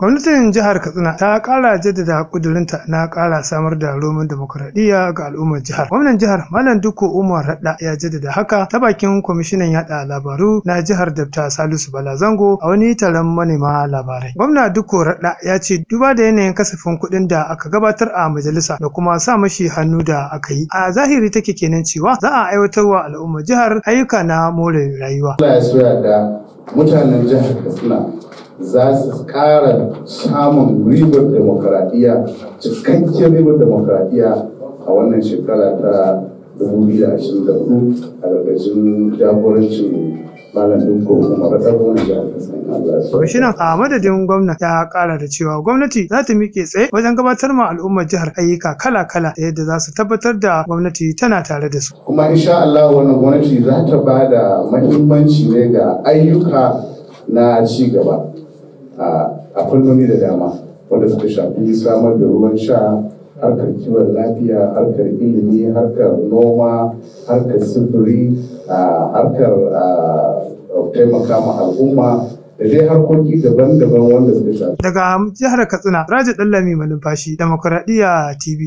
Gwamnatin jihar Katsina ta kara jaddada ƙudurinta na ƙara samar da roman demokuraɗiyya ga al'ummar jihar. Gwamnan jihar Malam Dukko Umar Radda ya jaddada haka ta bakin kwamishinan yaɗa labaru na jihar Dabta Salisu Bala Zango a wani taron manema labarai. Gwamna Dukko Radda ya ce duba da yanayin kasafin kuɗin da aka gabatar a majalisa da kuma sa mashi hannu da aka yi. A zahiri take kenan cewa za a aiwatar wa al'ummar jihar ayyuka na more rayuwa. Allah ya da mutanen jihar Katsina za su ƙara samun ribar demokaradiyya cikakken ribar demokaradiyya a wannan shekara ta 2024 a ƙarƙashin jagorancin malamin Kwamishinan a madadin gwamnati ya kara da cewa gwamnati za ta miƙe tsaye wajen gabatar ma al'ummar jihar ayyuka kala-kala da yadda za su tabbatar da gwamnati tana tare da su. Kuma insha Allah wannan gwamnati za ta ba da mahimmanci ne ga ayyuka na ci gaba. a fannoni da dama wanda suka shafi samar da ruwan sha harkar kiwon lafiya harkar ilimi harkar noma harkar sufuri harkar taimaka ma al'umma da dai harkoki daban-daban wanda suka shafi. Daga jihar Katsina, Raja dallami Malumfashi, demokradiyya TV.